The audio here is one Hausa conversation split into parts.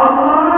Allah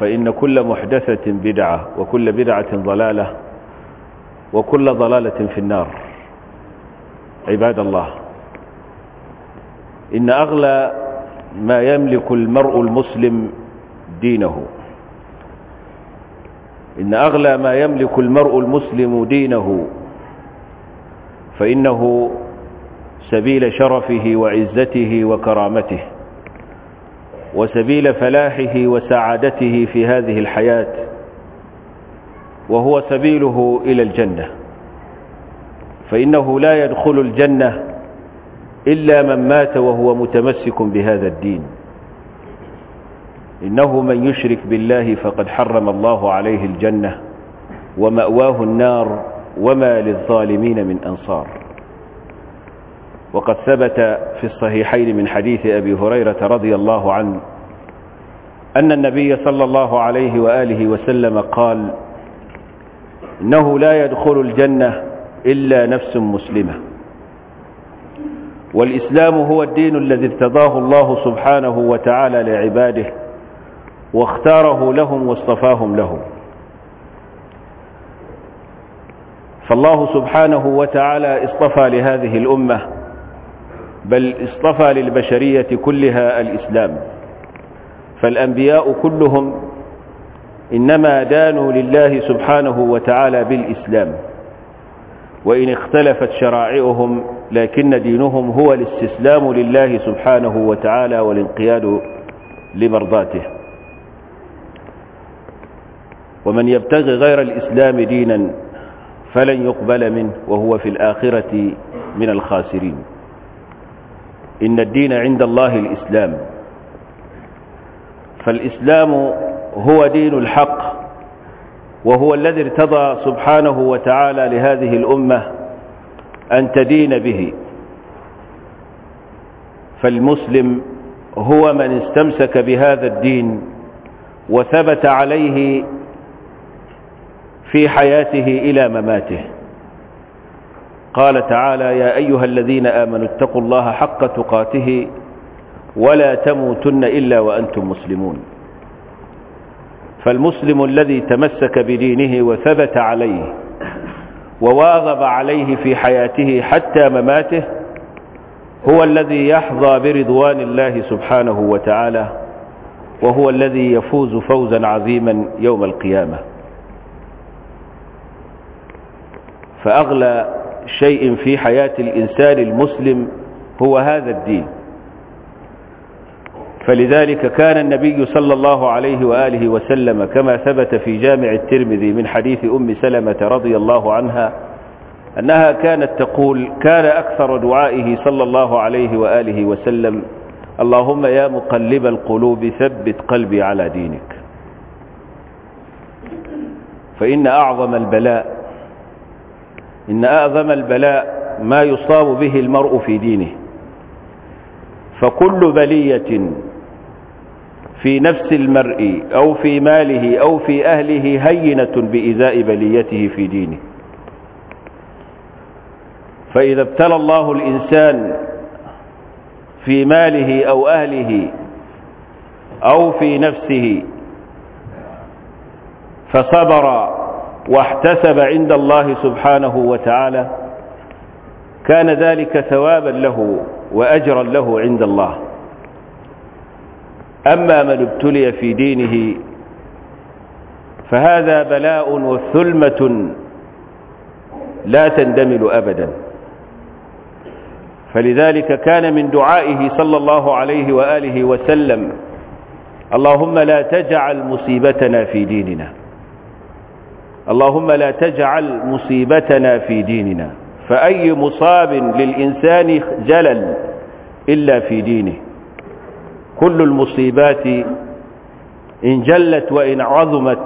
فإن كل محدثة بدعة وكل بدعة ضلالة وكل ضلالة في النار عباد الله إن أغلى ما يملك المرء المسلم دينه إن أغلى ما يملك المرء المسلم دينه فإنه سبيل شرفه وعزته وكرامته وسبيل فلاحه وسعادته في هذه الحياة وهو سبيله إلى الجنة فإنه لا يدخل الجنة إلا من مات وهو متمسك بهذا الدين إنه من يشرك بالله فقد حرم الله عليه الجنة ومأواه النار وما للظالمين من أنصار وقد ثبت في الصحيحين من حديث أبي هريرة رضي الله عنه أن النبي صلى الله عليه وآله وسلم قال إنه لا يدخل الجنة إلا نفس مسلمة والإسلام هو الدين الذي ارتضاه الله سبحانه وتعالى لعباده واختاره لهم واصطفاهم لهم فالله سبحانه وتعالى اصطفى لهذه الأمة بل اصطفى للبشرية كلها الإسلام فالأنبياء كلهم إنما دانوا لله سبحانه وتعالى بالإسلام وإن اختلفت شرائعهم لكن دينهم هو الاستسلام لله سبحانه وتعالى والانقياد لمرضاته ومن يبتغي غير الإسلام دينا فلن يقبل منه وهو في الآخرة من الخاسرين إن الدين عند الله الإسلام فالإسلام هو دين الحق وهو الذي ارتضى سبحانه وتعالى لهذه الأمة أن تدين به فالمسلم هو من استمسك بهذا الدين وثبت عليه في حياته إلى مماته قال تعالى يا أيها الذين آمنوا اتقوا الله حق تقاته ولا تموتن إلا وأنتم مسلمون فالمسلم الذي تمسك بدينه وثبت عليه وواظب عليه في حياته حتى مماته هو الذي يحظى برضوان الله سبحانه وتعالى وهو الذي يفوز فوزا عظيما يوم القيامة فأغلى شيء في حياة الإنسان المسلم هو هذا الدين فلذلك كان النبي صلى الله عليه وآله وسلم كما ثبت في جامع الترمذي من حديث أم سلمة رضي الله عنها أنها كانت تقول كان أكثر دعائه صلى الله عليه وآله وسلم اللهم يا مقلب القلوب ثبت قلبي على دينك فإن أعظم البلاء إن أعظم البلاء ما يصاب به المرء في دينه فكل بلية في نفس المرء أو في ماله أو في أهله هينة بإزاء بليته في دينه فإذا ابتلى الله الإنسان في ماله أو أهله أو في نفسه فصبر واحتسب عند الله سبحانه وتعالى كان ذلك ثوابا له وأجرا له عند الله أما من ابتلي في دينه فهذا بلاء وثلمة لا تندمل أبدا فلذلك كان من دعائه صلى الله عليه وآله وسلم اللهم لا تجعل مصيبتنا في ديننا اللهم لا تجعل مصيبتنا في ديننا فأي مصاب للإنسان جلل إلا في دينه كل المصيبات إن جلت وإن عظمت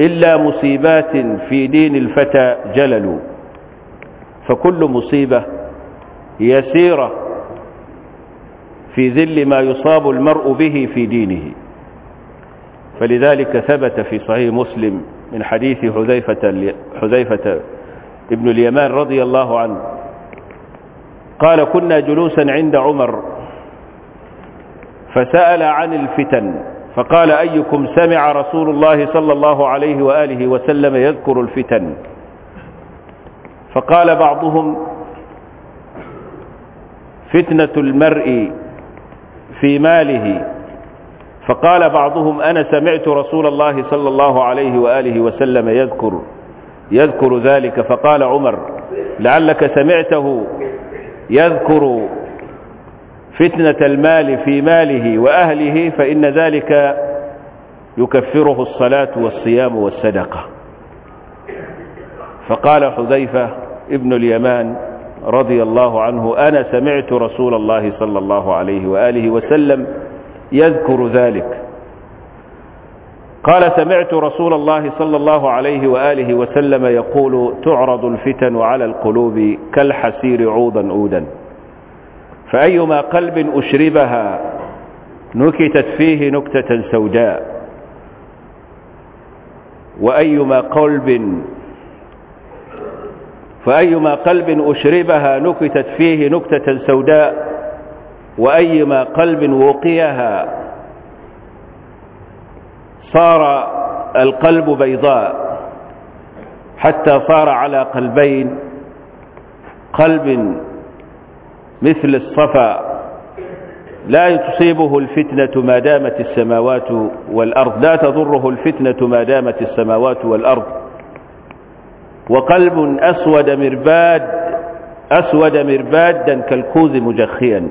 إلا مصيبات في دين الفتى جلل فكل مصيبة يسيرة في ذل ما يصاب المرء به في دينه فلذلك ثبت في صحيح مسلم من حديث حذيفة, حذيفة ابن اليمان رضي الله عنه قال كنا جلوسا عند عمر فسأل عن الفتن فقال أيكم سمع رسول الله صلى الله عليه وآله وسلم يذكر الفتن فقال بعضهم فتنة المرء في ماله فقال بعضهم أنا سمعت رسول الله صلى الله عليه وآله وسلم يذكر يذكر ذلك فقال عمر لعلك سمعته يذكر فتنة المال في ماله وأهله فإن ذلك يكفره الصلاة والصيام والصدقة فقال حذيفة ابن اليمان رضي الله عنه أنا سمعت رسول الله صلى الله عليه وآله وسلم يذكر ذلك قال سمعت رسول الله صلى الله عليه وآله وسلم يقول تعرض الفتن على القلوب كالحسير عوضا أودا فأيما قلب أشربها نكتت فيه نكتة سوداء وأيما قلب فأيما قلب أشربها نكتت فيه نكتة سوداء وأيما قلب وقيها صار القلب بيضاء حتى صار على قلبين قلب مثل الصفا لا تصيبه الفتنة ما دامت السماوات والأرض لا تضره الفتنة ما دامت السماوات والأرض وقلب أسود مرباد أسود مربادا كالكوز مجخيا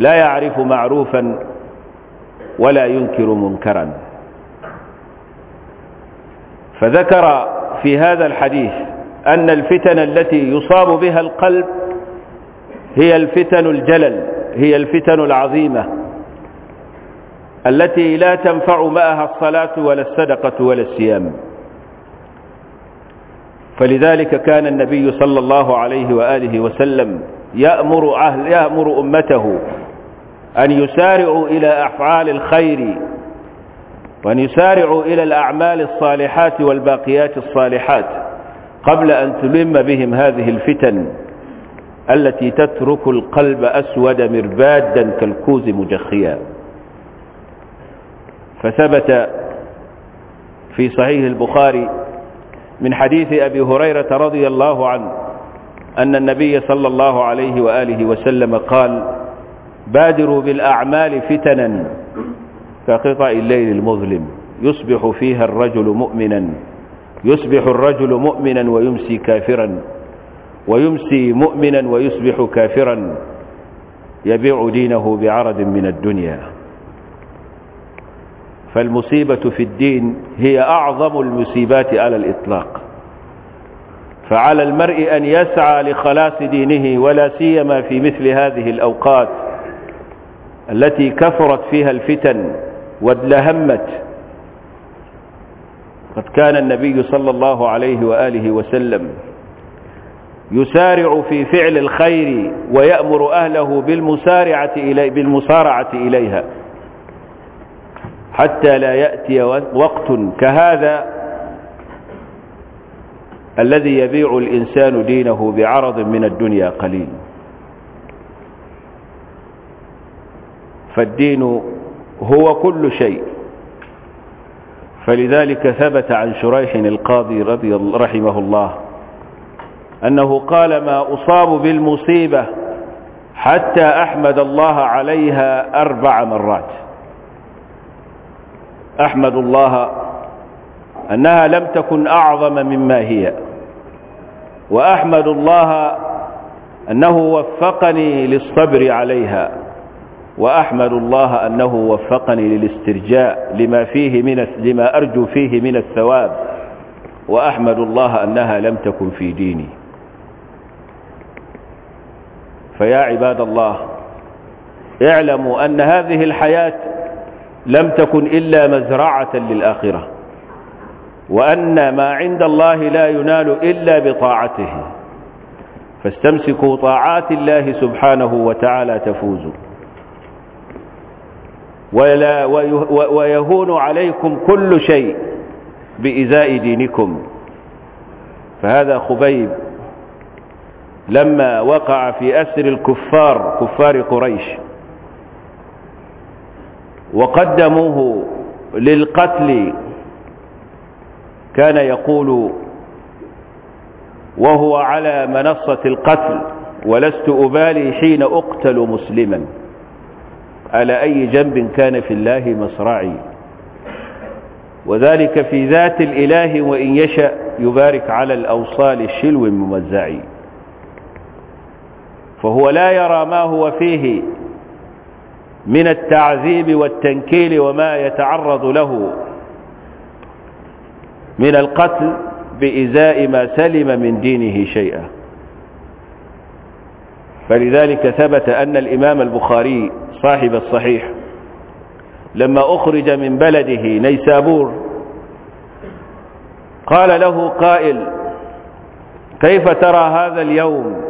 لا يعرف معروفا ولا ينكر منكرا فذكر في هذا الحديث أن الفتن التي يصاب بها القلب هي الفتن الجلل هي الفتن العظيمة التي لا تنفع معها الصلاة ولا الصدقة ولا الصيام فلذلك كان النبي صلى الله عليه وآله وسلم يأمر, أهل يأمر أمته أن يسارعوا إلى أفعال الخير وأن يسارعوا إلى الأعمال الصالحات والباقيات الصالحات قبل أن تلم بهم هذه الفتن التي تترك القلب أسود مربادا كالكوز مجخيا فثبت في صحيح البخاري من حديث أبي هريرة رضي الله عنه أن النبي صلى الله عليه وآله وسلم قال بادروا بالأعمال فتنا كقطع الليل المظلم يصبح فيها الرجل مؤمنا يصبح الرجل مؤمنا ويمسي كافرا ويمسي مؤمنا ويصبح كافرا يبيع دينه بعرض من الدنيا فالمصيبة في الدين هي أعظم المصيبات على الإطلاق فعلى المرء أن يسعى لخلاص دينه ولا سيما في مثل هذه الأوقات التي كثرت فيها الفتن وادلهمت قد كان النبي صلى الله عليه وآله وسلم يسارع في فعل الخير ويأمر أهله بالمسارعة, إلي بالمسارعة إليها حتى لا يأتي وقت كهذا الذي يبيع الإنسان دينه بعرض من الدنيا قليل فالدين هو كل شيء فلذلك ثبت عن شريح القاضي رضي رحمه الله أنه قال ما أصاب بالمصيبة حتى أحمد الله عليها أربع مرات أحمد الله أنها لم تكن أعظم مما هي وأحمد الله أنه وفقني للصبر عليها وأحمد الله أنه وفقني للاسترجاء لما, فيه من لما أرجو فيه من الثواب وأحمد الله أنها لم تكن في ديني فيا عباد الله اعلموا أن هذه الحياة لم تكن إلا مزرعة للآخرة وأن ما عند الله لا ينال إلا بطاعته فاستمسكوا طاعات الله سبحانه وتعالى تفوزوا ولا ويهون عليكم كل شيء بإزاء دينكم فهذا خبيب لما وقع في أسر الكفار كفار قريش وقدموه للقتل كان يقول وهو على منصة القتل ولست أبالي حين أقتل مسلما على أي جنب كان في الله مصرعي وذلك في ذات الإله وإن يشأ يبارك على الأوصال الشلو الممزعي فهو لا يرى ما هو فيه من التعذيب والتنكيل وما يتعرض له من القتل بإزاء ما سلم من دينه شيئا فلذلك ثبت أن الإمام البخاري صاحب الصحيح لما أخرج من بلده نيسابور قال له قائل كيف ترى هذا اليوم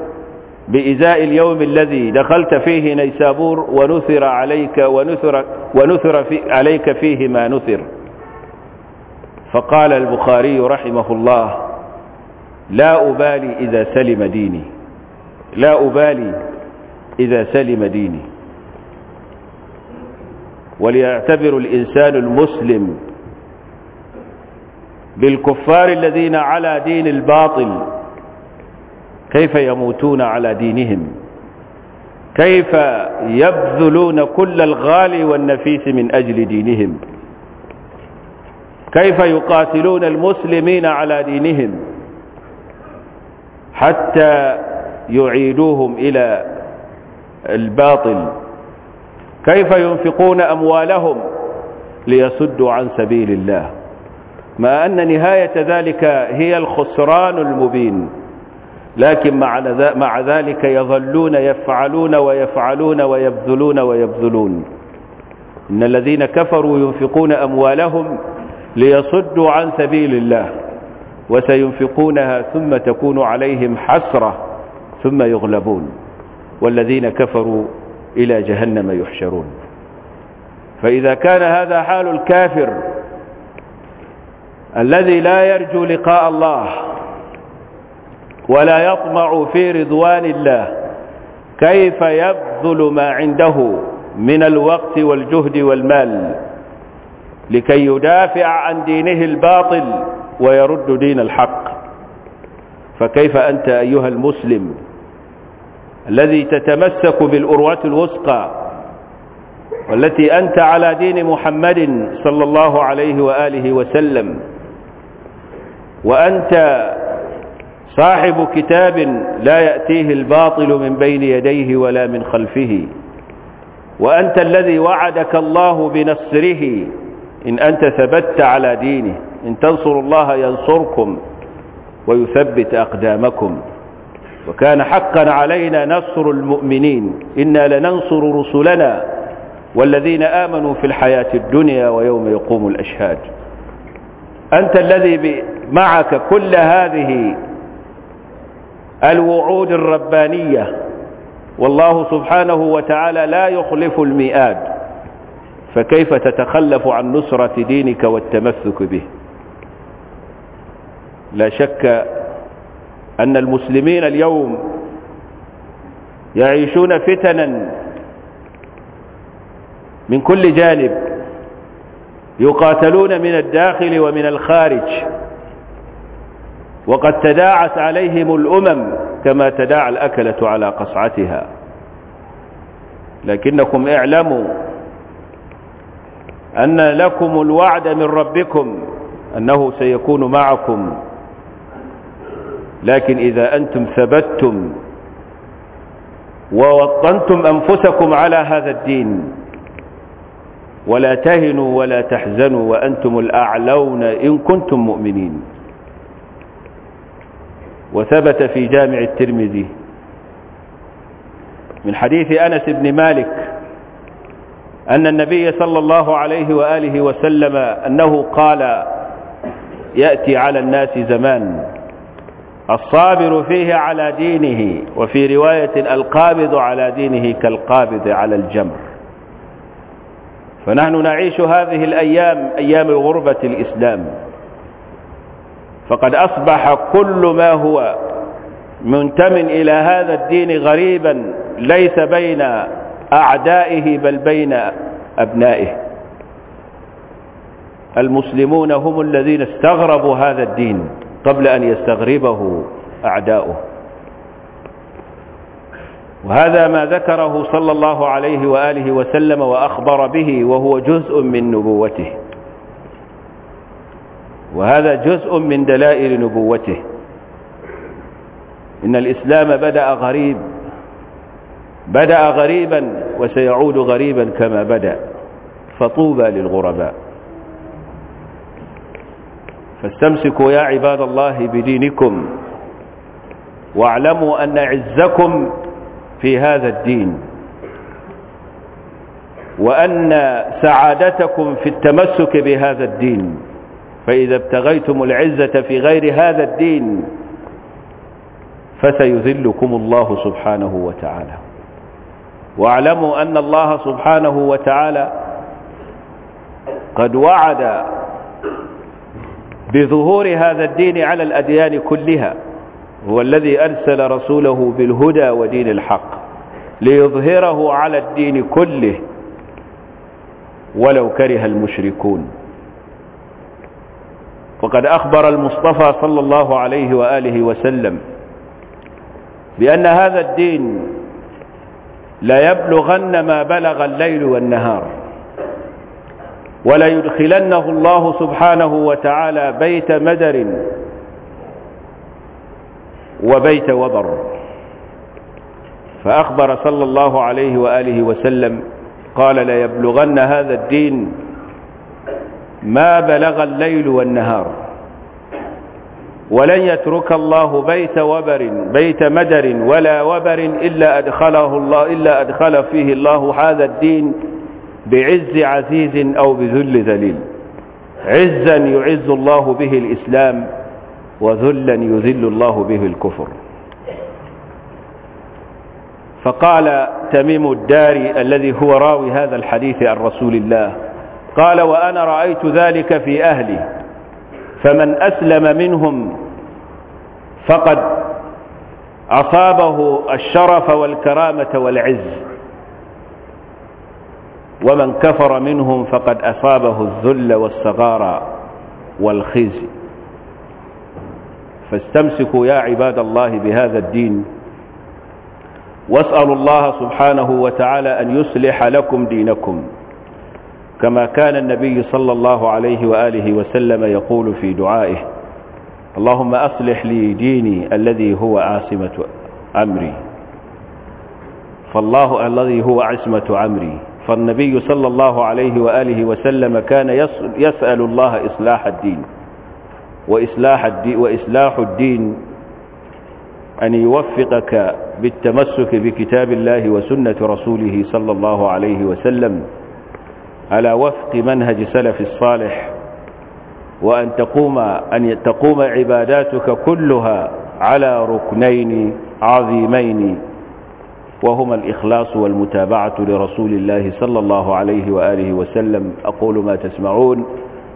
بإزاء اليوم الذي دخلت فيه نيسابور ونثر عليك ونثر, ونثر في عليك فيه ما نثر فقال البخاري رحمه الله لا أبالي إذا سلم ديني لا أبالي إذا سلم ديني وليعتبر الإنسان المسلم بالكفار الذين على دين الباطل كيف يموتون على دينهم كيف يبذلون كل الغالي والنفيس من أجل دينهم كيف يقاتلون المسلمين على دينهم حتى يعيدوهم إلى الباطل كيف ينفقون أموالهم ليصدوا عن سبيل الله ما أن نهاية ذلك هي الخسران المبين لكن مع ذلك يظلون يفعلون ويفعلون ويبذلون ويبذلون إن الذين كفروا ينفقون أموالهم ليصدوا عن سبيل الله وسينفقونها ثم تكون عليهم حسرة ثم يغلبون والذين كفروا إلى جهنم يحشرون فإذا كان هذا حال الكافر الذي لا يرجو لقاء الله ولا يطمع في رضوان الله كيف يبذل ما عنده من الوقت والجهد والمال لكي يدافع عن دينه الباطل ويرد دين الحق فكيف أنت أيها المسلم الذي تتمسك بالأروة الوثقى والتي أنت على دين محمد صلى الله عليه وآله وسلم وأنت صاحب كتاب لا يأتيه الباطل من بين يديه ولا من خلفه وأنت الذي وعدك الله بنصره إن أنت ثبت على دينه إن تنصروا الله ينصركم ويثبت أقدامكم وكان حقا علينا نصر المؤمنين إنا لننصر رسلنا والذين آمنوا في الحياة الدنيا ويوم يقوم الأشهاد أنت الذي معك كل هذه الوعود الربانية والله سبحانه وتعالى لا يخلف الميعاد فكيف تتخلف عن نصرة دينك والتمسك به لا شك أن المسلمين اليوم يعيشون فتنا من كل جانب يقاتلون من الداخل ومن الخارج وقد تداعت عليهم الأمم كما تداعى الأكلة على قصعتها لكنكم اعلموا أن لكم الوعد من ربكم أنه سيكون معكم لكن إذا أنتم ثبتتم ووطنتم أنفسكم على هذا الدين ولا تهنوا ولا تحزنوا وأنتم الأعلون إن كنتم مؤمنين وثبت في جامع الترمذي من حديث أنس بن مالك أن النبي صلى الله عليه وآله وسلم أنه قال يأتي على الناس زمان الصابر فيه على دينه وفي رواية القابض على دينه كالقابض على الجمر فنحن نعيش هذه الأيام أيام غربة الإسلام فقد أصبح كل ما هو منتم إلى هذا الدين غريبا ليس بين أعدائه بل بين أبنائه المسلمون هم الذين استغربوا هذا الدين قبل أن يستغربه أعداؤه وهذا ما ذكره صلى الله عليه وآله وسلم وأخبر به وهو جزء من نبوته وهذا جزء من دلائل نبوته إن الإسلام بدأ غريب بدأ غريبا وسيعود غريبا كما بدأ فطوبى للغرباء فاستمسكوا يا عباد الله بدينكم واعلموا أن عزكم في هذا الدين وأن سعادتكم في التمسك بهذا الدين فإذا ابتغيتم العزة في غير هذا الدين فسيذلكم الله سبحانه وتعالى واعلموا أن الله سبحانه وتعالى قد وعد بظهور هذا الدين على الأديان كلها هو الذي أرسل رسوله بالهدى ودين الحق ليظهره على الدين كله ولو كره المشركون وقد أخبر المصطفى صلى الله عليه وآله وسلم بأن هذا الدين لا يبلغن ما بلغ الليل والنهار وليدخلنه الله سبحانه وتعالى بيت مدر وبيت وبر فأخبر صلى الله عليه وآله وسلم قال ليبلغن هذا الدين ما بلغ الليل والنهار ولن يترك الله بيت وبر بيت مدر ولا وبر إلا أدخله الله إلا أدخل فيه الله هذا الدين بعز عزيز أو بذل ذليل عزا يعز الله به الإسلام وذلا يذل الله به الكفر فقال تميم الداري الذي هو راوي هذا الحديث عن رسول الله قال وأنا رأيت ذلك في أهلي فمن أسلم منهم فقد أصابه الشرف والكرامة والعز ومن كفر منهم فقد أصابه الذل والصغار والخزي فاستمسكوا يا عباد الله بهذا الدين واسألوا الله سبحانه وتعالى أن يصلح لكم دينكم كما كان النبي صلى الله عليه وآله وسلم يقول في دعائه اللهم أصلح لي ديني الذي هو عاصمة أمري فالله الذي هو عصمة أمري فالنبي صلى الله عليه وآله وسلم كان يسأل الله إصلاح الدين وإصلاح الدين, وإصلاح الدين أن يوفقك بالتمسك بكتاب الله وسنة رسوله صلى الله عليه وسلم على وفق منهج سلف الصالح وأن تقوم, أن تقوم عباداتك كلها على ركنين عظيمين وهما الإخلاص والمتابعة لرسول الله صلى الله عليه وآله وسلم أقول ما تسمعون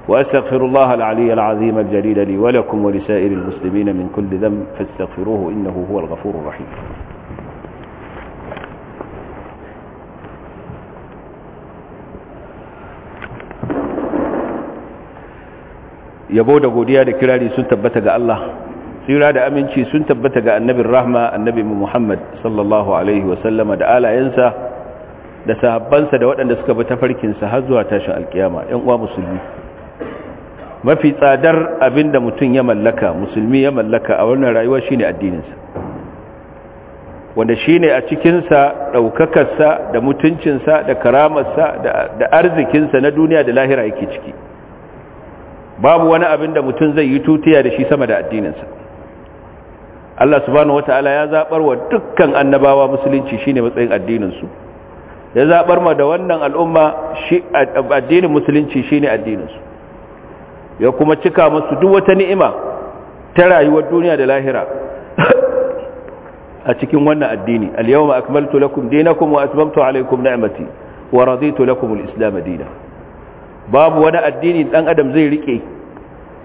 وأستغفر الله العلي العظيم الجليل لي ولكم ولسائر المسلمين من كل ذنب فاستغفروه إنه هو الغفور الرحيم yabo da لكلالي سنتبتك الله Sira da aminci sun tabbata ga annabin rahma annabi muhammad sallallahu alaihi wasallama da alayensa da sahabbansa da waɗanda suka bi tafarkinsa har zuwa tashin alkiyama ‘yan uwa musulmi mafi tsadar abin da mutum ya mallaka musulmi ya mallaka a wannan rayuwa shine addininsa wanda shine a cikinsa ɗaukakarsa da mutuncinsa da karamarsa da arzikinsa na duniya da lahira yake ciki babu wani abin da mutum zai yi tutiya da shi sama da addininsa Allah subhanahu wataala ya zabar wa dukkan annabawa musulunci shine matsayin addinin su ya zabar ma da wannan al'umma shi addinin musulunci shine addinin su ya kuma cika musu duk wata ni'ima ta rayuwar duniya da lahira a cikin wannan addini al-yawma akmaltu lakum dinakum wa atmamtu alaykum ni'mati wa raditu lakum al-islam dinan babu wani addini dan adam zai rike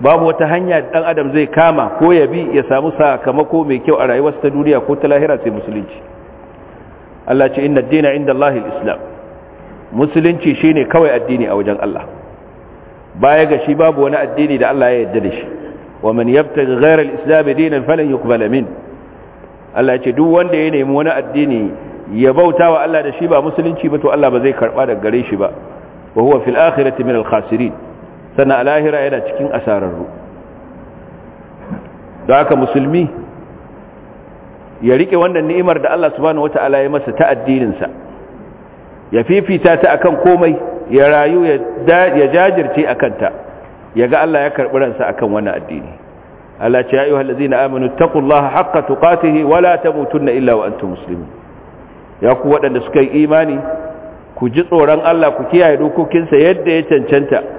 babu wata hanya dan adam zai kama ko ya bi ya samu sakamako mai kyau a rayuwarsa ta duniya ko ta lahira sai musulunci Allah ce inna dina inda Allahil islam musulunci shine kawai addini a wajen Allah baya ga shi babu wani addini da Allah ya yarda da shi wa man yabtaghi ghayra al-islam dinan falan yuqbal min Allah ce duk wanda ya nemi wani addini ya bautawa Allah da shi ba musulunci ba to Allah ba zai karba daga gare shi ba wa huwa fil akhirati min al-khasirin sannan a lahira yana cikin asararru da haka musulmi ya rike wannan ni'imar da Allah subhanahu wata'ala ya masa ta addininsa ya fifita ta akan komai ya rayu ya jajirce akan ta ya ga Allah ya karɓi ransa akan wani addini Allah ce ya yi wahala zina aminu taƙullaha haƙƙa tuƙatihi wala ta na illa wa'antu musulmi ya ku waɗanda suka yi imani ku ji tsoron Allah ku kiyaye dokokinsa yadda ya cancanta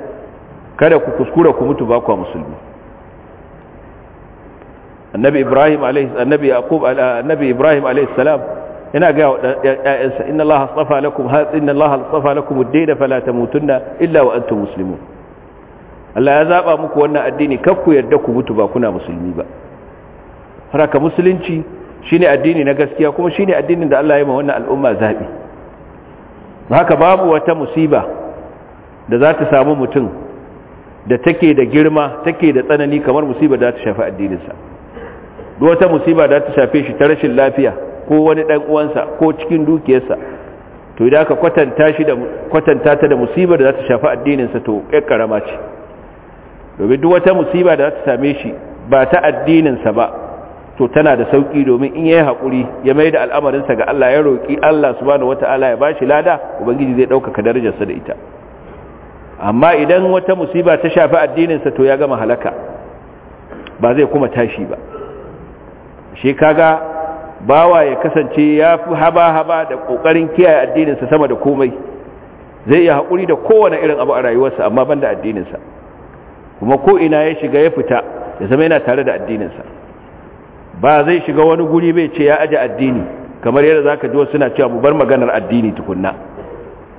kada ku kuskura ku mutu ba ku musulmi annabi ibrahim alaihi annabi yaqub annabi ibrahim alaihi salam yana ga ƴaƴansa inna allaha tsafa lakum hadha inna allaha tsafa lakum ad-din fala tamutunna illa wa antum muslimun Allah ya zaba muku wannan addini kar ku yarda ku mutu ba kuna musulmi ba haraka musulunci shine addini na gaskiya kuma shine addinin da Allah ya ma wannan al'umma zabi haka babu wata musiba da za ta samu mutum da take da girma take da tsanani kamar musiba da ta shafi addininsa duk wata musiba da ta shafe shi ta rashin lafiya ko wani dan uwansa ko cikin dukiyarsa to idan aka kwatanta shi da kwatanta ta da musibar da ta shafi addininsa to kai karama ce domin duk wata musiba da ta same shi ba ta addininsa ba to tana da sauki domin in yayi hakuri ya maida da al'amarinsa ga Allah ya roki Allah subhanahu wataala ya bashi lada ubangiji zai dauka darajarsa da ita amma idan wata musiba ta shafi addininsa to ya gama halaka ba zai kuma tashi ba shi kaga bawa ya kasance ya fi haba-haba da ƙoƙarin kiyaye addininsa sama da komai zai iya haƙuri da kowane irin abu a rayuwarsa amma banda addininsa kuma ko ina ya shiga ya fita ya zama yana tare da addininsa ba zai shiga wani guri bai ce ya aje addini kamar yadda za ka ji wasu suna cewa mu bar maganar addini tukunna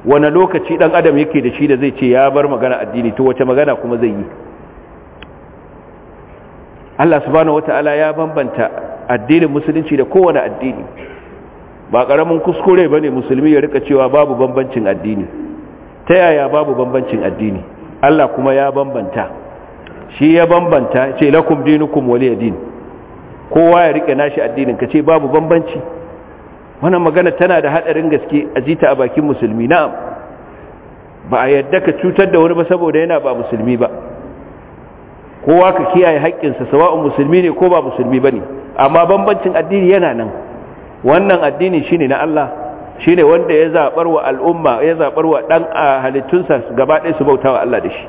wani lokaci dan adam yake da shi da zai ce ya bar magana addini to wace magana kuma zai yi Allah subhanahu wata'ala ya bambanta addinin musulunci da kowane addini ba karamin kuskure bane musulmi ya rika cewa babu bambancin addini ta yaya babu bambancin addini Allah kuma ya bambanta shi ya bambanta ce lakum dinukum waliyadin kowa ya rike nashi addinin ka ce babu bambanci wannan magana tana da hadarin gaske a jita a bakin musulmi na'am ba a yadda ka cutar da wani ba saboda yana ba musulmi ba kowa ka kiyaye haƙƙinsa sawa'un musulmi ne ko ba musulmi ba ne amma bambancin addini yana nan wannan addini shi ne na Allah Shi ne wanda ya zabar wa al'umma ya zabar wa dan halittunsa gaba ɗaya su bauta wa Allah da shi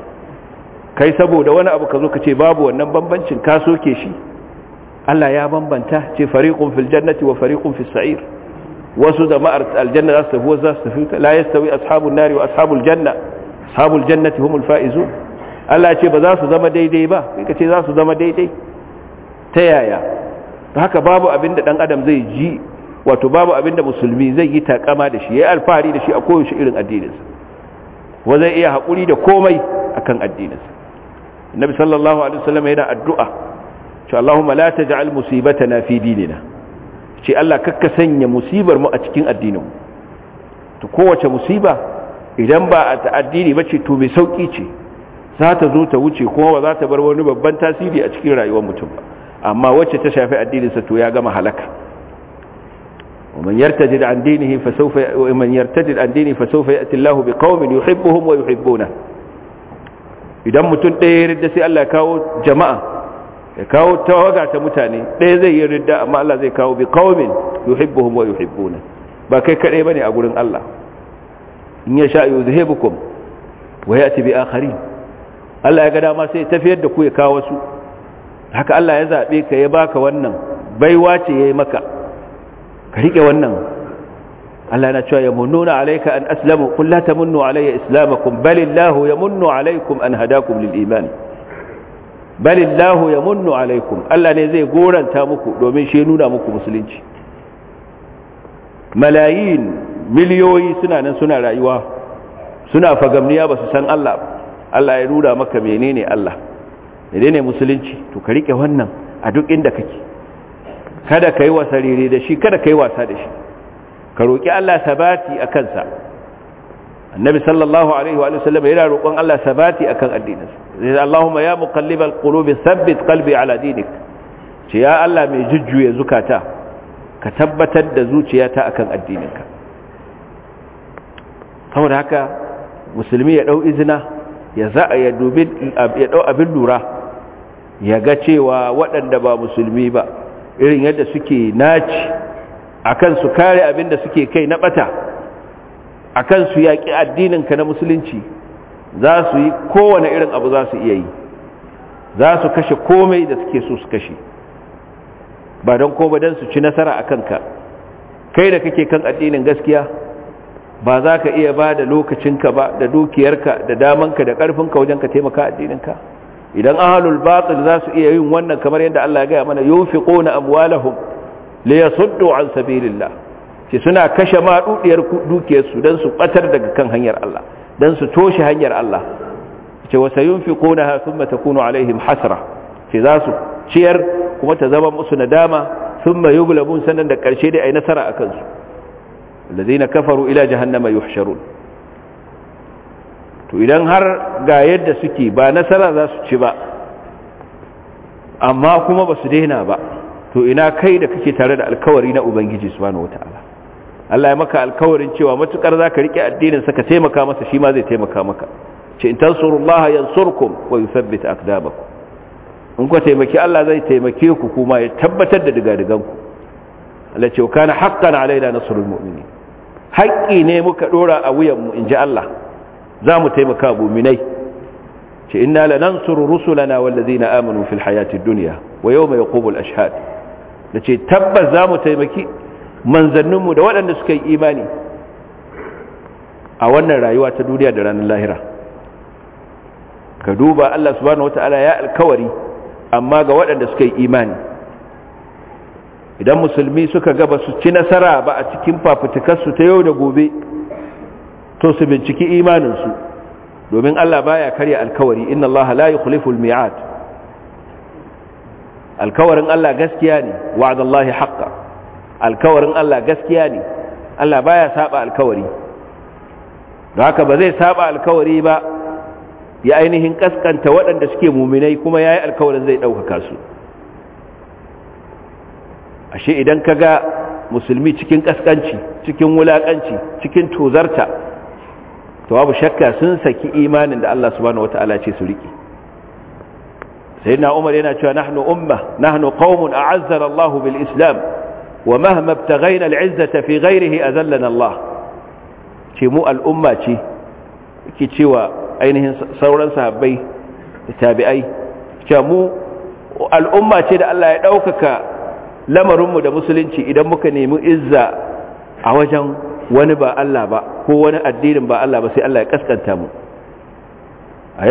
kai saboda wani abu ka zo ka ce babu wannan bambancin ka soke shi Allah ya bambanta ce fariƙun fil jannati wa fariƙun fis sa'ir wasu jama'ar aljanna za su tafi wasu za su tafi la yastawi ashabun nari wa ashabul janna janna ta humul fa'izu Allah ce ba za su zama daidai ba kai ka ce za su zama daidai ta yaya ta haka babu abinda dan adam zai ji wato babu abinda musulmi zai yi takama da shi yayi alfahari da shi a koyaushe irin addininsa wa zai iya haƙuri da komai akan addininsa annabi sallallahu alaihi wasallam yana addu'a cewa Allahumma la taj'al musibatana fi dinina ce Allah kakka sanya musibar mu a cikin addinin to kowace musiba idan ba a addini ba ce to mai sauki ce za ta zo ta wuce kuma ba za ta bar wani babban tasiri a cikin rayuwar mutum ba amma wacce ta shafi addininsa to ya gama halaka ومن يرتد عن دينه فسوف ومن يرتد عن دينه فسوف ياتي الله بقوم يحبهم ويحبونه idan mutum ɗaya ya yarda sai Allah kawo jama'a ya kawo tawaga ta mutane ɗaya zai yi ridda amma Allah zai kawo bi qaumin yuhibbuhum wa na, ba kai kaɗai ba ne a gurin Allah in ya sha yuzhibukum wa yati bi akari. Allah ya ga dama sai tafiyar da ku ya kawo su haka Allah ya zaɓe ka ya baka wannan baiwa ce yi maka ka riƙe wannan Allah yana cewa yamununa alayka an aslamu kullata munnu tamunnu alayya islamakum balillahu yamunnu alaykum an hadakum lil iman balillahu ya munnu alaikum Allah ne zai goranta muku domin shi nuna muku musulunci malayin miliyoyi suna nan suna rayuwa suna fagamniya ba su san Allah Allah ya nuna maka menene Allah menene musulunci to ka rike wannan a duk inda kake kada ka yi wasa rere da shi kada ka yi wasa da shi ka roƙi Allah sabati a kansa annabi sallallahu alaihi wa sallam yana roƙon Allah sabati akan addininsa Allahumma ya muqallibal qulubi thabbit qalbi ala dinik ce ya Allah mai jujjuye zukata ka tabbatar da zuciyata akan addininka saboda haka musulmi ya dau izina ya za ya dubi ya dau abin lura ya ga cewa waɗanda ba musulmi ba irin yadda suke naci akan su kare abin da suke kai na bata akan su addinin addininka na musulunci za su yi kowane irin abu za su iya yi za su kashe komai da suke so su kashe ba don ko don su ci nasara a kanka kai da kake kan addinin gaskiya ba za ka iya ba da lokacinka ba da dukiyarka da damanka da karfinka wajen ka taimaka addininka idan ahalul batil za su iya yin wannan kamar yadda Allah ya gaya mana yunfiquna amwalahum liyasuddu an sabilillah ce suna kashe ma dukiyarsu dan su batar daga kan hanyar Allah dan su toshe hanyar Allah ce wa sayunfiqunaha thumma takunu alaihim hasra ce za su ciyar kuma ta zama musu nadama thumma yughlabun sannan da karshe dai ai nasara kansu. su na kafaru ila jahannama yuhsharun to idan har ga yadda suke ba nasara za su ci ba amma kuma ba su daina ba to ina kai da kake tare da alkawari na ubangiji subhanahu wataala Allah ya maka alkawarin cewa matukar zaka rike addinin sa ka taimaka masa shi ma zai taimaka maka ce in tansurullaha yansurkum wa yuthabbit aqdamakum in ku taimaki Allah zai taimake ku kuma ya tabbatar da digadiganku Allah ce kana haqqan alaina nasrul mu'minin haƙƙi ne muka dora a wuyan mu inji Allah za mu taimaka mu'minai ce inna lanansuru rusulana wallazina amanu fil hayatid dunya wa yawma yaqumul ashhad nace tabbas za mu taimaki manzanninmu da waɗanda suka yi imani a wannan rayuwa ta duniya da ranar lahira ka duba Allah subhanahu wata'ala ya alkawari amma ga waɗanda suka yi imani idan musulmi suka gaba su ci nasara ba a cikin fafutukarsu ta yau da gobe to su binciki imaninsu domin Allah baya karya alkawari inna Allah la yukhlifu al-mi'ad alkawarin Allah gaskiya ne wa'adallahi haqqan alkawarin Allah gaskiya ne Allah baya saba alkawari don haka ba zai saba alkawari ba ya ainihin kaskanta waɗanda suke muminai kuma ya yi alkawarin zai ɗaukaka su ashe idan ka ga musulmi cikin kaskanci cikin wulaƙanci, cikin tozarta to babu shakka sun saki imanin da Allah subhanahu ta'ala ce su riƙe na umar yana cewa nahnu umma nahnu qaumun a'azzara Allah bil islam ومهما ابتغينا العزة في غيره أذلنا الله ce mu al'umma ce ke cewa ainihin sauran sahabbai da tabi'ai cewa mu al'umma ce da Allah ya ɗaukaka lamarinmu da musulunci idan muka nemi izza a wajen wani ba Allah ba ko wani addinin ba Allah ba sai Allah ya kaskanta mu a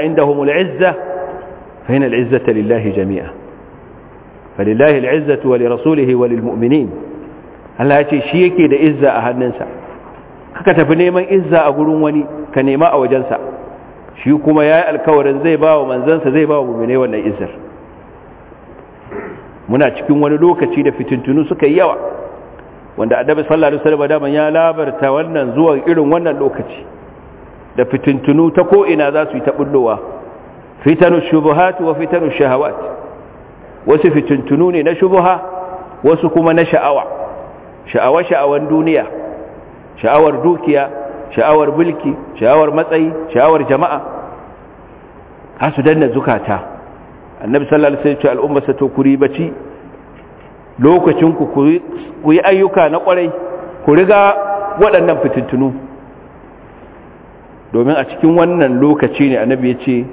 in da izza fa yana al'izzata lillahi jami'a falillahi al'izzatu wa lirasulihi wa lilmu'minin Allah ya ce shi yake da izza a hannunsa kaka tafi neman izza a gurin wani ka nema a wajensa shi kuma yayi alkawarin zai ba wa manzansa zai ba wa mu'mine wannan izzar muna cikin wani lokaci da fitintunu suka yi yawa wanda annabi sallallahu alaihi wasallam da ya labarta wannan zuwa irin wannan lokaci da fitintunu ta ko ina za su yi ta bullowa fitanu shubuhat wa fitanu shahawat wasu fitintunu ne na shubuha wasu kuma na sha'awa sha'awa sha'awan duniya sha'awar dukiya sha'awar bilki, sha'awar matsayi sha'awar jama'a har su danna zukata annabi sallallahu alaihi wasallam al'umma sa to kuri baci lokacin ku ku yi ayyuka na kwarai ku riga waɗannan fitintunu domin a cikin wannan lokaci ne annabi ya ce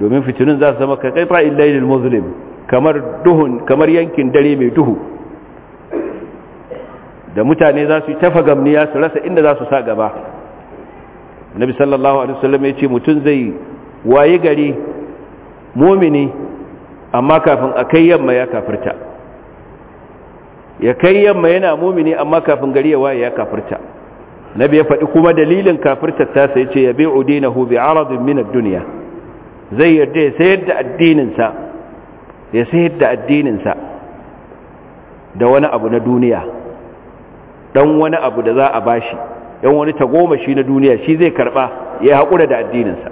domin fitinun za su zama ka kaifa illailil muslim kamar duhun kamar yankin dare mai duhu da mutane za su yi tafa gamniya su rasa inda za su sa gaba nabi sallallahu alaihi wasallam ya ce mutum zai waye gari momini amma kafin a kai yamma ya kafirta ya kai yamma yana momini amma kafin gari ya waye ya kafirta nabi ya faɗi kuma dalilin kafirtar ta sai ce ya bi'u dinahu bi aradin min ad-dunya zai yarda ya sayar da addininsa ya sayar da addininsa da wani abu na duniya don wani abu da za a bashi yan wani tagomashi na duniya shi zai karba ya haƙura da addininsa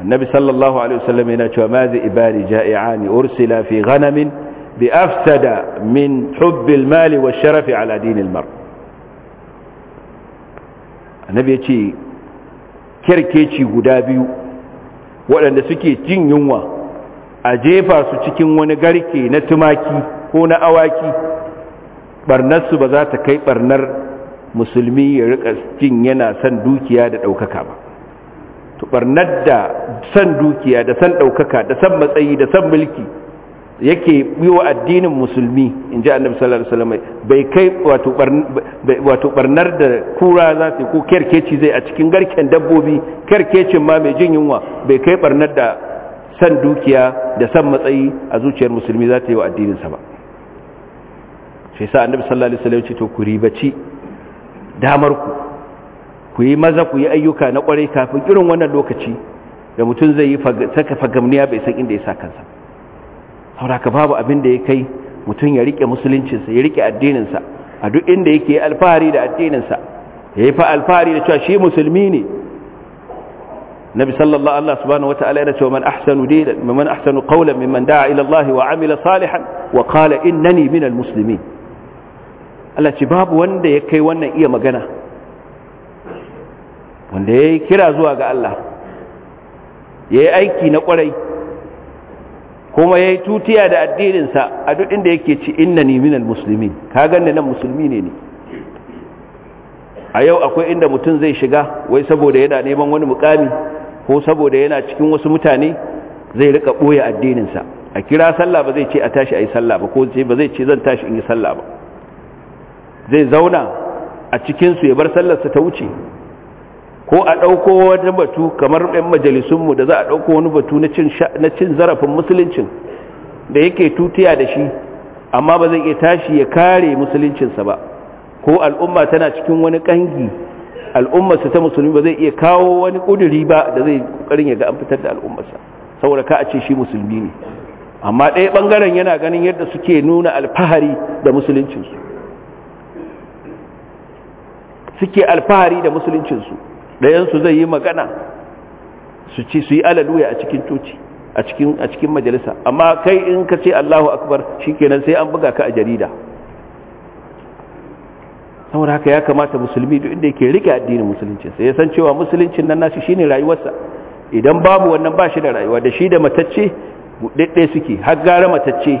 annabi sallallahu alaihi wasallam yana cewa mazi ibari ja'i'ani ursila fi ghanamin bi afsada min hubbil mali wa sharafi ala dinil mar annabi yace kerkeci guda biyu waɗanda suke jin yunwa a jefa su cikin wani garke na tumaki ko na awaki barnarsu ba za ta kai barnar musulmi ya rika jin yana san dukiya da ɗaukaka ba to barnar da san dukiya da san ɗaukaka da san matsayi da san mulki yake yi wa addinin musulmi in ji annabi sallallahu alaihi wasallam bai kai wato barnar da kura za ta ko kerkeci zai a cikin garken dabbobi kerkecin ma mai jin yunwa bai kai barnar da san dukiya da san matsayi a zuciyar musulmi za ta yi wa addininsa ba shi sa annabi sallallahu alaihi wasallam ce to ku ribaci damar ku ku yi maza ku yi ayyuka na kwarai kafin irin wannan lokaci da mutum zai yi saka fagamniya bai san inda ya sa kansa saboda ka babu abin da ya kai mutum ya rike musuluncinsa ya rike addinin sa a duk inda yake alfahari da addinin sa yayi fa alfahari da cewa shi musulmi ne nabi sallallahu alaihi wa ta'ala yana cewa man ahsanu dinan man ahsanu qawlan mimman da'a ila Allah wa amila salihan wa qala innani minal muslimin Allah ce babu wanda ya kai wannan iya magana wanda ya kira zuwa ga Allah ya yi aiki na kwarai kuma ya yi tutiya da addininsa a duk inda yake ci inna ni minal musulmi ka ganni nan musulmi ne ne a yau akwai inda mutum zai shiga wai saboda yana neman wani mukami ko saboda yana cikin wasu mutane zai rika boye addininsa a kira sallah ba zai ce a tashi ayi sallah ba ko ba zai ce zan tashi in yi sallah ba zai zauna a cikinsu ya bar sallarsa ta wuce ko a ɗauko wani batu kamar ɗan majalisunmu da za a ɗauko wani batu na cin zarafin musuluncin da yake tutiya da shi amma ba zai iya tashi ya kare musuluncinsa ba ko al'umma tana cikin wani ƙangi al'ummarsa ta musulmi ba zai iya kawo wani ƙuduri ba da zai ƙoƙarin ya ga an fitar da al'ummarsa saboda ka a ce shi musulmi ne amma ɗaya ɓangaren yana ganin yadda suke nuna alfahari da musuluncinsu suke alfahari da musuluncinsu ɗayansu zai yi magana su ci su yi alaluya a cikin coci a cikin majalisa amma kai in ka ce allahu akbar shi kenan sai an buga ka a jarida saboda haka ya kamata musulmi duk inda yake rike addinin musulunci sai ya san cewa musuluncin nan nashi shine rayuwarsa idan babu wannan ba shi da rayuwa da shi da matacce daidai suke har gara matacce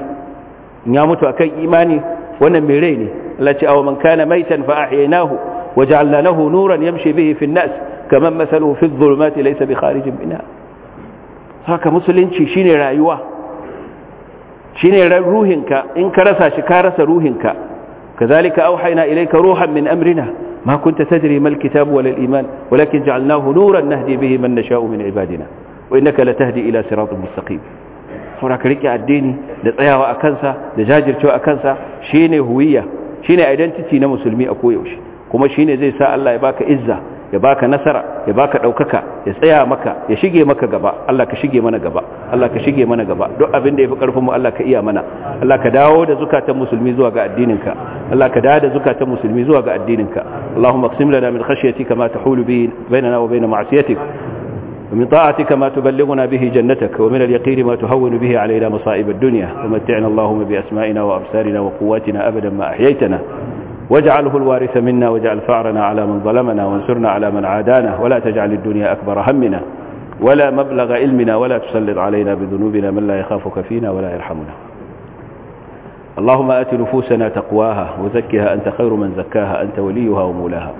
in ya mutu akan imani wannan mai rai ne Allah ce aw man kana maitan fa ahyaynahu wa ja'alna lahu nuran yamshi bihi fi an-nas kaman mathaluhu fi adh-dhulumati laysa bi kharijin minha haka musulunci shine rayuwa shine ran ruhinka in ka rasa shi ka rasa ruhinka كذلك أوحينا إليك روحا من أمرنا ما كنت تدري ما الكتاب ولا الإيمان ولكن جعلناه نورا نهدي به من نشاء من عبادنا وإنك لتهدي إلى صراط مستقيم هناك ركع الديني لطيعة أكنسة لجاجر شو أكنسا شيني هوية شيني ايدنتيتي نمسلمي أكوية وشي كما شيني زي zai الله يباك ya ya baka nasara ya baka daukaka ya tsaya maka ya shige maka gaba Allah ka shige mana gaba Allah ka shige mana gaba duk abin da yafi karfin mu Allah ka iya mana Allah ka dawo da zukatan musulmi zuwa ga addininka Allah ka dawo da zukatan musulmi zuwa ga addininka Allahumma aqsim lana min khashyatika ma tahulu bi bainana wa bain ma'siyatik ومن طاعتك ما تبلغنا به جنتك ومن اليقين ما تهون به علينا مصائب الدنيا ومتعنا اللهم بأسمائنا وأبصارنا وقواتنا أبدا ما أحييتنا واجعله الوارث منا واجعل فعرنا على من ظلمنا وانصرنا على من عادانا ولا تجعل الدنيا أكبر همنا ولا مبلغ علمنا ولا تسلط علينا بذنوبنا من لا يخافك فينا ولا يرحمنا اللهم آت نفوسنا تقواها وزكها أنت خير من زكاها أنت وليها ومولاها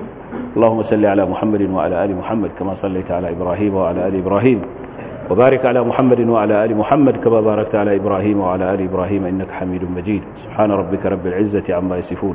اللهم صل على محمد وعلى آل محمد كما صليت على إبراهيم وعلى آل إبراهيم وبارك على محمد وعلى آل محمد كما باركت على إبراهيم وعلى آل إبراهيم إنك حميد مجيد سبحان ربك رب العزة عما يصفون